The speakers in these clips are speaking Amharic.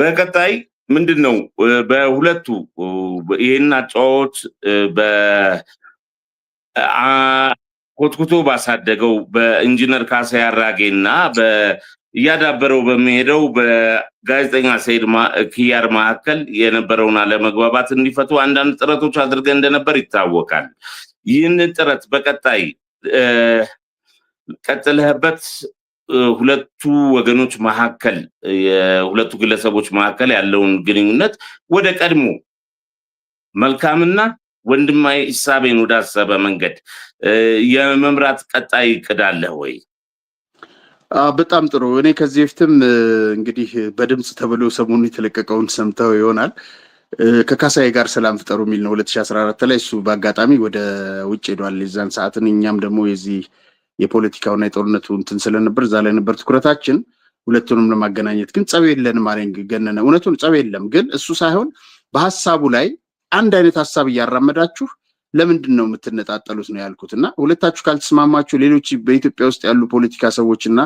በቀጣይ ምንድን ነው በሁለቱ ይህን አጫዋወት በኮትኩቶ ባሳደገው በኢንጂነር ካሳ ያራጌ እና እያዳበረው በሚሄደው በጋዜጠኛ ሰይድ ክያር መካከል የነበረውን አለመግባባት እንዲፈቱ አንዳንድ ጥረቶች አድርገን እንደነበር ይታወቃል። ይህን ጥረት በቀጣይ ቀጥለህበት ሁለቱ ወገኖች መካከል የሁለቱ ግለሰቦች መካከል ያለውን ግንኙነት ወደ ቀድሞ መልካምና ወንድማዊ እሳቤን ወዳሰበ መንገድ የመምራት ቀጣይ እቅድ አለህ ወይ? በጣም ጥሩ። እኔ ከዚህ በፊትም እንግዲህ በድምፅ ተብሎ ሰሞኑ የተለቀቀውን ሰምተው ይሆናል ከካሳዬ ጋር ሰላም ፍጠሩ የሚል ነው 2014 ላይ እሱ በአጋጣሚ ወደ ውጭ ሄዷል። የዛን ሰዓትን እኛም ደግሞ የዚህ የፖለቲካውና የጦርነቱ እንትን ስለነበር እዛ ላይ ነበር ትኩረታችን። ሁለቱንም ለማገናኘት ግን ጸብ የለንም አለኝ ገነነ። እውነቱን ጸብ የለም፣ ግን እሱ ሳይሆን በሀሳቡ ላይ አንድ አይነት ሀሳብ እያራመዳችሁ ለምንድን ነው የምትነጣጠሉት ነው ያልኩት። እና ሁለታችሁ ካልተስማማችሁ ሌሎች በኢትዮጵያ ውስጥ ያሉ ፖለቲካ ሰዎች እና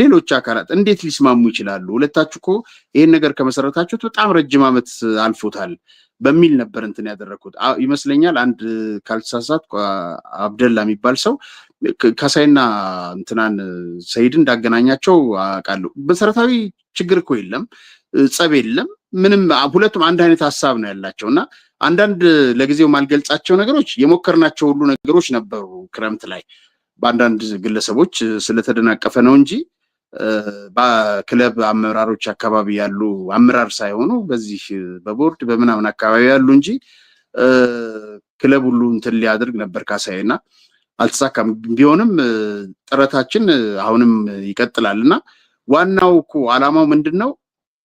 ሌሎች አካላት እንዴት ሊስማሙ ይችላሉ? ሁለታችሁ እኮ ይህን ነገር ከመሰረታችሁት በጣም ረጅም ዓመት አልፎታል በሚል ነበር እንትን ያደረግኩት ይመስለኛል። አንድ ካልተሳሳት አብደላ የሚባል ሰው ከሳይና እንትናን ሰይድ እንዳገናኛቸው አውቃለሁ። መሰረታዊ ችግር እኮ የለም፣ ጸብ የለም፣ ምንም ሁለቱም አንድ አይነት ሀሳብ ነው ያላቸው እና አንዳንድ ለጊዜው ማልገልጻቸው ነገሮች የሞከርናቸው ሁሉ ነገሮች ነበሩ። ክረምት ላይ በአንዳንድ ግለሰቦች ስለተደናቀፈ ነው እንጂ በክለብ አመራሮች አካባቢ ያሉ አመራር ሳይሆኑ በዚህ በቦርድ በምናምን አካባቢ ያሉ እንጂ ክለብ ሁሉ እንትን ሊያደርግ ነበር ካሳዬ እና አልተሳካም። ቢሆንም ጥረታችን አሁንም ይቀጥላል እና ዋናው እኮ አላማው ምንድን ነው?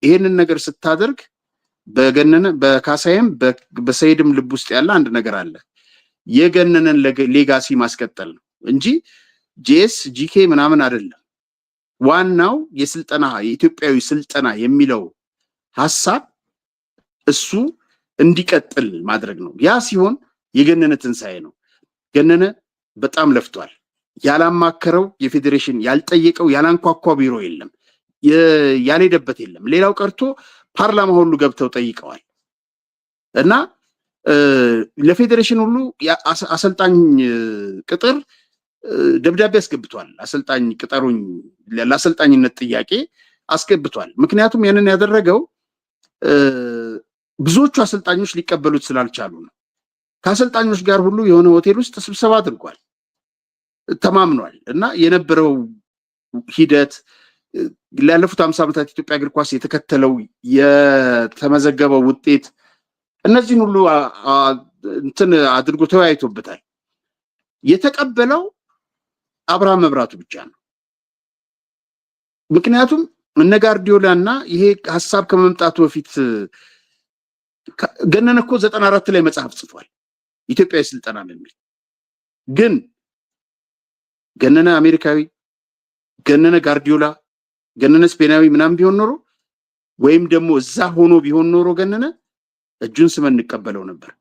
ይሄንን ነገር ስታደርግ በገነነ በካሳይም በሰይድም ልብ ውስጥ ያለ አንድ ነገር አለ። የገነነን ሌጋሲ ማስቀጠል ነው እንጂ ጄስ ጂኬ ምናምን አይደለም። ዋናው የስልጠና የኢትዮጵያዊ ስልጠና የሚለው ሀሳብ እሱ እንዲቀጥል ማድረግ ነው። ያ ሲሆን የገነነ ትንሣኤ ነው። ገነነ በጣም ለፍቷል። ያላማከረው የፌዴሬሽን ያልጠየቀው ያላንኳኳ ቢሮ የለም፣ ያልሄደበት የለም። ሌላው ቀርቶ ፓርላማ ሁሉ ገብተው ጠይቀዋል እና ለፌዴሬሽን ሁሉ አሰልጣኝ ቅጥር ደብዳቤ አስገብቷል። አሰልጣኝ ቅጠሩኝ ለአሰልጣኝነት ጥያቄ አስገብቷል። ምክንያቱም ያንን ያደረገው ብዙዎቹ አሰልጣኞች ሊቀበሉት ስላልቻሉ ነው። ከአሰልጣኞች ጋር ሁሉ የሆነ ሆቴል ውስጥ ስብሰባ አድርጓል፣ ተማምኗል እና የነበረው ሂደት ላለፉት አምሳ ዓመታት ኢትዮጵያ እግር ኳስ የተከተለው የተመዘገበው ውጤት እነዚህን ሁሉ እንትን አድርጎ ተወያይቶበታል። የተቀበለው አብርሃም መብራቱ ብቻ ነው። ምክንያቱም እነ ጋርዲዮላ እና ይሄ ሀሳብ ከመምጣቱ በፊት ገነነ እኮ ዘጠና አራት ላይ መጽሐፍ ጽፏል ኢትዮጵያ የስልጠና የሚል ግን ገነነ አሜሪካዊ ገነነ ጋርዲዮላ ገነነ ስፔናዊ ምናምን ቢሆን ኖሮ ወይም ደግሞ እዛ ሆኖ ቢሆን ኖሮ ገነነ እጁን ስመን እንቀበለው ነበር።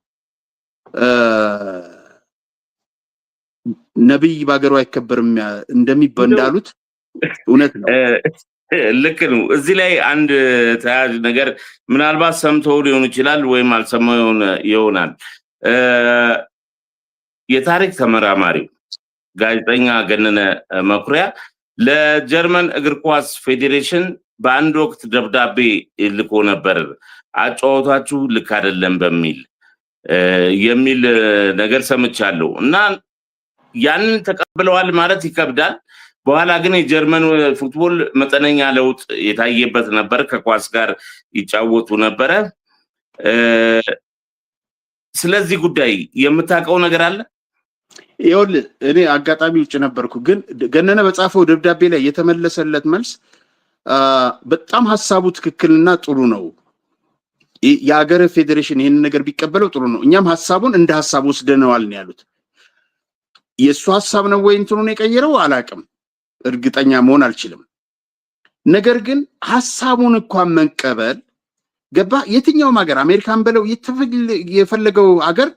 ነቢይ በሀገሩ አይከበርም እንደሚበ እንዳሉት እውነት ነው። ልክ ነው። እዚህ ላይ አንድ ተያያዥ ነገር ምናልባት ሰምተው ሊሆን ይችላል ወይም አልሰማው ይሆናል። የታሪክ ተመራማሪው ጋዜጠኛ ገነነ መኩሪያ ለጀርመን እግር ኳስ ፌዴሬሽን በአንድ ወቅት ደብዳቤ ልኮ ነበር። አጫወታችሁ ልክ አይደለም በሚል የሚል ነገር ሰምቻለሁ እና ያንን ተቀብለዋል ማለት ይከብዳል። በኋላ ግን የጀርመን ፉትቦል መጠነኛ ለውጥ የታየበት ነበር። ከኳስ ጋር ይጫወቱ ነበረ። ስለዚህ ጉዳይ የምታውቀው ነገር አለ? ይኸውልህ እኔ አጋጣሚ ውጭ ነበርኩ፣ ግን ገነነ በጻፈው ደብዳቤ ላይ የተመለሰለት መልስ በጣም ሀሳቡ ትክክልና ጥሩ ነው። የአገር ፌዴሬሽን ይህንን ነገር ቢቀበለው ጥሩ ነው። እኛም ሀሳቡን እንደ ሀሳብ ወስደነዋል ነው ያሉት። የእሱ ሀሳብ ነው ወይ እንትኑን የቀየረው አላቅም፣ እርግጠኛ መሆን አልችልም። ነገር ግን ሀሳቡን እንኳን መቀበል ገባ። የትኛውም ሀገር አሜሪካን በለው የፈለገው ሀገር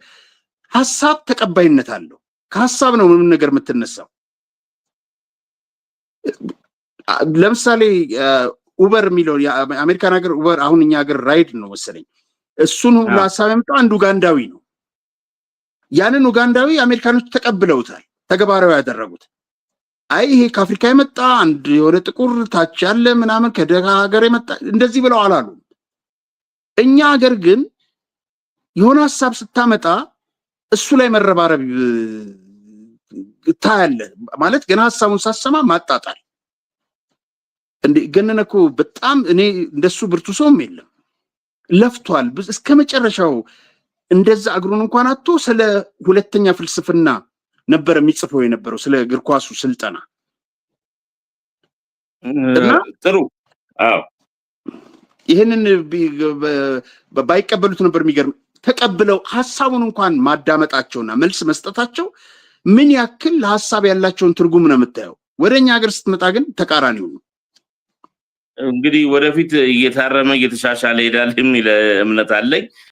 ሀሳብ ተቀባይነት አለው። ከሀሳብ ነው ምንም ነገር የምትነሳው። ለምሳሌ ኡበር የሚለው የአሜሪካን ሀገር ኡበር አሁን እኛ ሀገር ራይድ ነው መሰለኝ እሱን ሁሉ ሀሳብ ያመጣው አንድ ኡጋንዳዊ ነው። ያንን ኡጋንዳዊ አሜሪካኖች ተቀብለውታል፣ ተግባራዊ ያደረጉት። አይ ይሄ ከአፍሪካ የመጣ አንድ የሆነ ጥቁር ታች ያለ ምናምን ከደሃ ሀገር የመጣ እንደዚህ ብለው አላሉም። እኛ ሀገር ግን የሆነ ሀሳብ ስታመጣ እሱ ላይ መረባረብ ታያለህ ማለት ገና ሀሳቡን ሳሰማ ማጣጣል እንዴ ገነነ እኮ በጣም እኔ እንደሱ ብርቱ ሰውም የለም። ለፍቷል እስከ መጨረሻው። እንደዛ እግሩን እንኳን አቶ ስለ ሁለተኛ ፍልስፍና ነበር የሚጽፈው የነበረው ስለ እግር ኳሱ ስልጠና። ጥሩ አዎ፣ ይህንን ባይቀበሉት ነበር የሚገርም። ተቀብለው ሀሳቡን እንኳን ማዳመጣቸውና መልስ መስጠታቸው ምን ያክል ሀሳብ ያላቸውን ትርጉም ነው የምታየው። ወደ እኛ ሀገር ስትመጣ ግን ተቃራኒው ነው። እንግዲህ ወደፊት እየታረመ እየተሻሻለ ይሄዳል የሚል እምነት አለኝ።